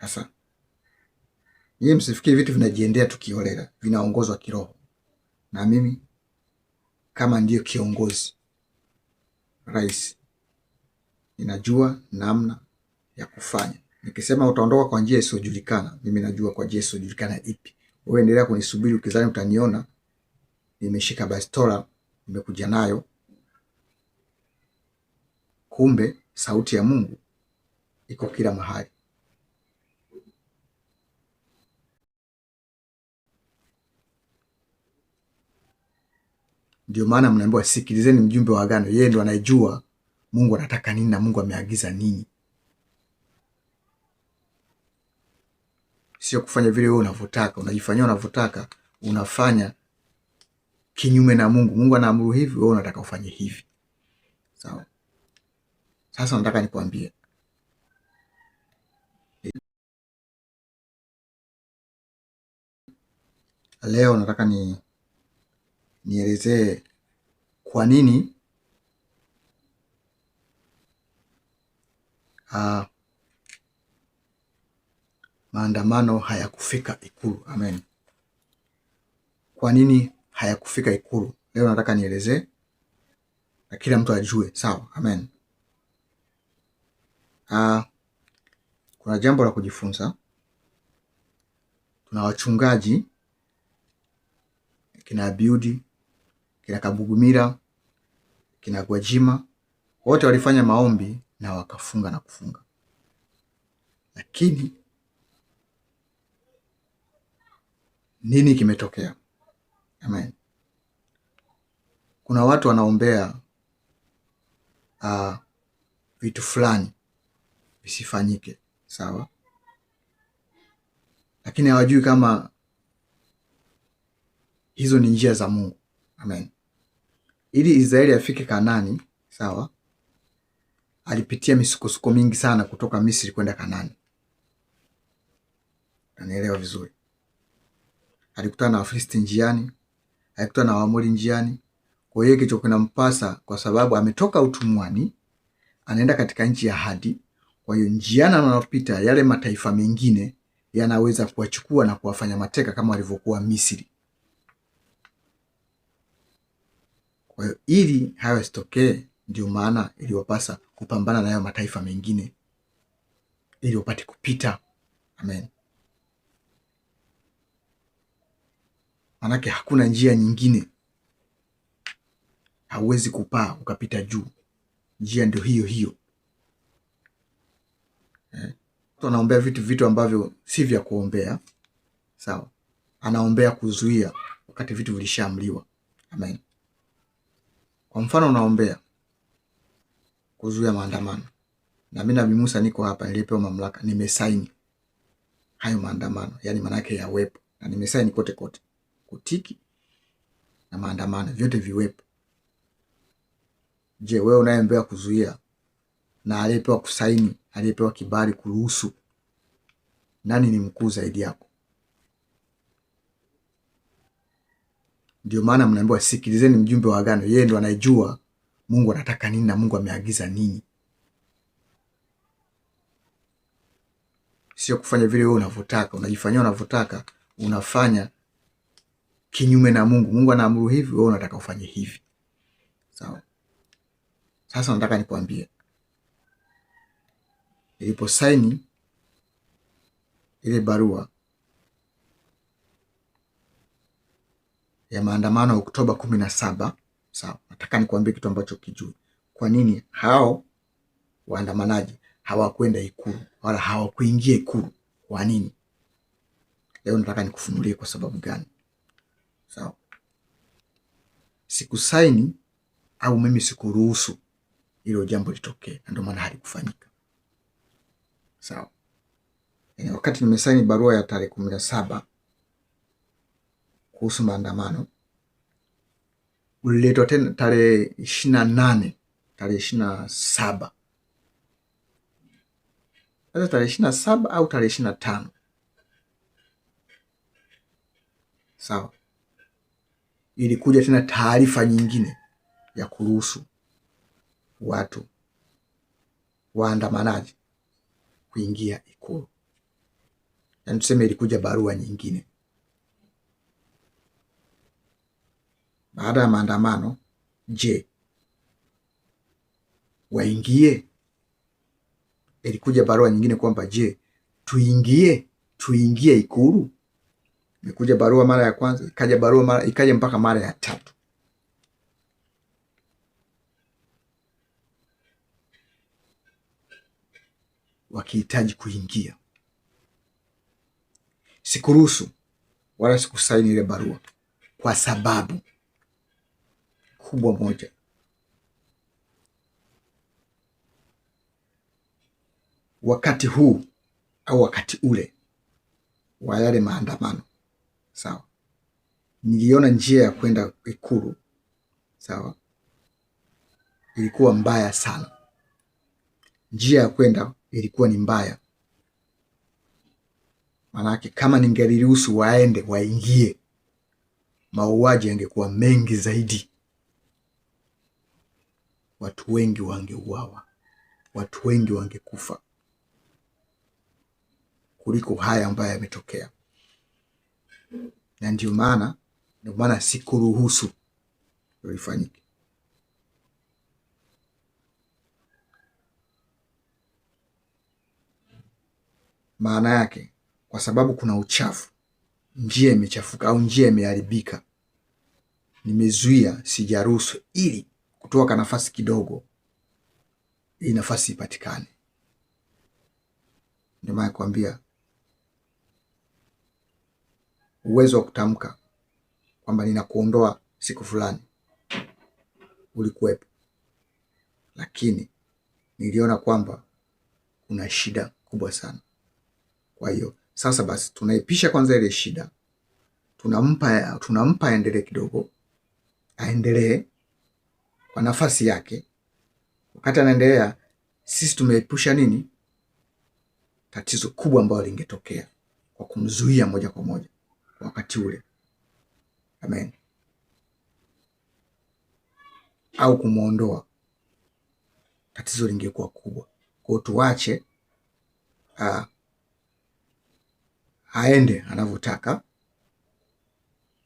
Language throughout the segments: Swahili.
Sasa nyie msifikiri vitu vinajiendea tukiolela, vinaongozwa kiroho, na mimi kama ndiyo kiongozi rais, ninajua namna ya kufanya. Nikisema utaondoka kwa njia isiyojulikana, mimi najua kwa njia isiyojulikana ipi. Wewe endelea kunisubiri ukizani utaniona nimeshika bastola nimekuja nayo, kumbe sauti ya Mungu iko kila mahali. Ndio maana mnaambiwa sikilizeni mjumbe wa agano, yeye ndo anajua Mungu anataka nini na Mungu ameagiza nini, sio kufanya vile wewe unavyotaka, unajifanyia unavyotaka, unafanya kinyume na Mungu. Mungu anaamuru hivi, wewe unataka ufanye hivi, sawa? Sasa nataka nikwambie leo, nataka ni nielezee kwa nini uh, maandamano hayakufika Ikulu. Amen. Kwa nini hayakufika Ikulu? Leo nataka nielezee na kila mtu ajue, sawa? Amen. Uh, kuna jambo la kujifunza. Tuna wachungaji kina Abiudi kina Kabugumira, kina Gwajima, wote walifanya maombi na wakafunga na kufunga, lakini nini kimetokea? Amen. Kuna watu wanaombea uh, vitu fulani visifanyike, sawa, lakini hawajui kama hizo ni njia za Mungu. Amen ili Israeli afike Kanani, sawa, alipitia misukosuko mingi sana kutoka Misri kwenda Kanani. Anaelewa vizuri. Alikutana na Wafilisti njiani, alikutana na Waamori njiani. Kwa hiyo kicho kinampasa, kwa sababu ametoka utumwani, anaenda katika nchi ya ahadi. Kwa hiyo njiani anapita yale mataifa mengine yanaweza kuwachukua na kuwafanya mateka kama walivyokuwa Misri. Kwa hiyo ili hayo yasitokee, ndio maana iliwapasa kupambana nayo mataifa mengine ili wapate kupita. Amen. Manake hakuna njia nyingine, hauwezi kupaa ukapita juu, njia ndio hiyo hiyo eh. Anaombea vitu vitu ambavyo si vya kuombea, sawa. Anaombea kuzuia wakati vitu vilishaamliwa. Amen. Kwa mfano unaombea kuzuia maandamano na mimi Nabii Musa niko hapa, nilipewa mamlaka, nimesaini hayo maandamano, yani maana yake yawepo, na nimesaini kote kote, kutiki na maandamano vyote viwepo. Je, wewe unayeombea kuzuia na aliyepewa kusaini, aliyepewa kibali kuruhusu, nani ni mkuu zaidi yako? Ndio maana mnaambiwa sikilizeni mjumbe wa agano, yeye ndo anayejua Mungu anataka nini na Mungu ameagiza nini, sio kufanya vile wewe unavyotaka, unajifanyia unavyotaka, unafanya kinyume na Mungu. Mungu anaamuru hivi, wewe unataka ufanye hivi, sawa? Sasa nataka nikwambie, ilipo saini ile barua ya maandamano ya Oktoba kumi na saba. Sawa, nataka nikuambie kitu ambacho kijui. Kwa nini hao waandamanaji hawakwenda Ikulu wala hawakuingia Ikulu? Kwa nini? Leo nataka nikufunulie kwa sababu gani. Sawa, sikusaini au mimi sikuruhusu hilo jambo litokee, na ndio maana halikufanyika. Sawa, e, wakati nimesaini barua ya tarehe kumi na saba kuhusu maandamano uliletwa tena tarehe ishirini na nane tarehe ishirini na saba sasa tarehe ishirini na saba au tarehe ishirini na tano sawa, ilikuja tena taarifa nyingine ya kuruhusu watu waandamanaji kuingia Ikulu, yaani tuseme ilikuja barua nyingine baada ya maandamano, je, waingie? Ilikuja barua nyingine kwamba je, tuingie tuingie Ikulu? Ikuja barua mara ya kwanza, ikaja barua mara, ikaja mpaka mara ya tatu. wakihitaji kuingia. Sikuruhusu wala sikusaini ile barua kwa sababu kubwa moja. Wakati huu au wakati ule wa yale maandamano, sawa, niliona njia ya kwenda Ikulu, sawa, ilikuwa mbaya sana. Njia ya kwenda ilikuwa ni mbaya, maanake kama ningeliruhusu waende waingie, mauaji yangekuwa mengi zaidi watu wengi wangeuawa, watu wengi wangekufa kuliko haya ambayo yametokea. Na ndio maana ndio maana sikuruhusu lifanyike. Maana yake kwa sababu kuna uchafu, njia imechafuka au njia imeharibika, nimezuia, sijaruhusu ili kutoa ka nafasi kidogo, hii nafasi ipatikane. Ndio maana kuambia uwezo wa kutamka kwamba ninakuondoa siku fulani ulikuwepo, lakini niliona kwamba kuna shida kubwa sana. Kwa hiyo sasa basi tunaipisha kwanza ile shida, tunampa tunampa aendelee kidogo, aendelee kwa nafasi yake, wakati anaendelea, sisi tumeepusha nini tatizo kubwa ambalo lingetokea kwa kumzuia moja kwa moja wakati ule, amen, au kumwondoa, tatizo lingekuwa kubwa. Kwa hiyo tuwache aende anavyotaka,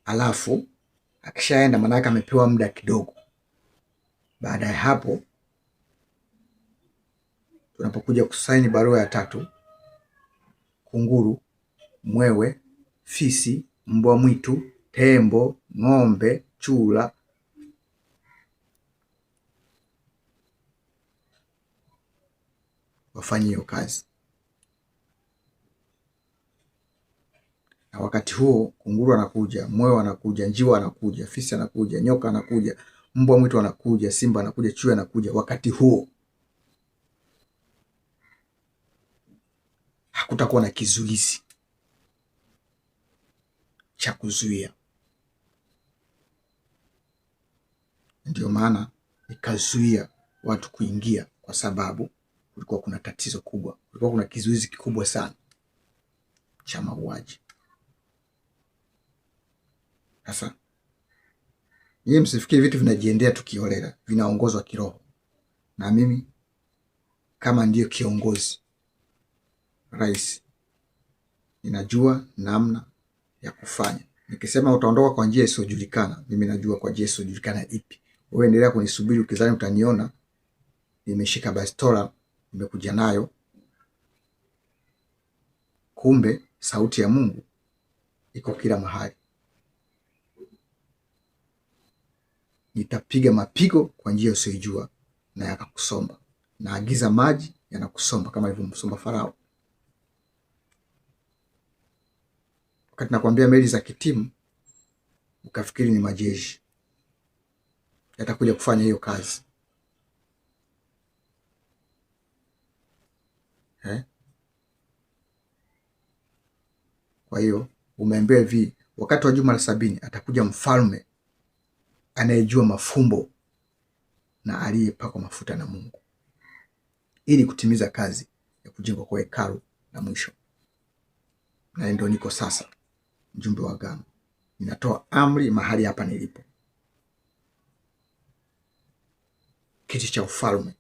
alafu akishaenda, maanake amepewa muda kidogo baada ya hapo, tunapokuja kusaini barua ya tatu, kunguru, mwewe, fisi, mbwa mwitu, tembo, ng'ombe, chura wafanye hiyo kazi. Na wakati huo kunguru anakuja, mwewe anakuja, njiwa anakuja, fisi anakuja, nyoka anakuja, mbwa mwitu anakuja, simba anakuja, chui anakuja. Wakati huo hakutakuwa na kizuizi cha kuzuia, ndio maana ikazuia watu kuingia, kwa sababu kulikuwa kuna tatizo kubwa, kulikuwa kuna kizuizi kikubwa sana cha mauaji. Sasa Nyie msifikie vitu vinajiendea tukiolela, vinaongozwa kiroho. Na mimi kama ndiyo kiongozi rais, ninajua namna ya kufanya. Nikisema utaondoka kwa njia isiyojulikana, mimi najua kwa njia isiyojulikana ipi. Wewe endelea kunisubiri ukizani utaniona nimeshika bastola nimekuja nayo, kumbe sauti ya Mungu iko kila mahali. nitapiga mapigo kwa njia usiyojua na yakakusomba. naagiza maji yanakusomba kama ilivyomsomba Farao. Wakati nakwambia meli za kitimu ukafikiri ni majeshi yatakuja kufanya hiyo kazi eh? Kwa hiyo umeambia hivi, wakati wa juma la sabini atakuja mfalme anayejua mafumbo na aliyepakwa mafuta na Mungu ili kutimiza kazi ya kujengwa kwa hekalu la mwisho. Na ndio niko sasa, mjumbe wa agano, ninatoa amri mahali hapa nilipo, kiti cha ufalme.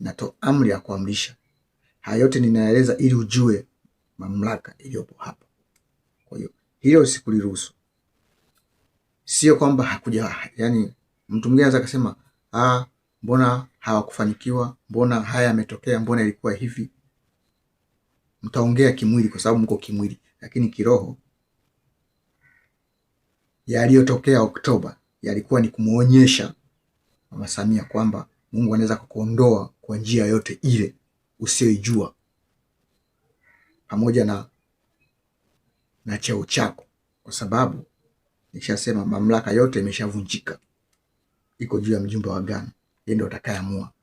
Ninatoa amri ya kuamrisha haya yote, ninaeleza ili ujue mamlaka iliyopo hapa. Kwa hiyo hilo sikuliruhusu. Sio kwamba hakuja, yani mtu mwingine anaweza kusema ah, mbona hawakufanikiwa, mbona haya yametokea, mbona ilikuwa hivi. Mtaongea kimwili kwa sababu mko kimwili, lakini kiroho yaliyotokea Oktoba yalikuwa ni kumuonyesha Mama Samia kwamba Mungu anaweza kukuondoa kwa njia yote ile usiyoijua, pamoja na na cheo chako, kwa sababu Nishasema mamlaka yote imeshavunjika, iko juu ya mjumbe wa gana yeye ndio atakayeamua.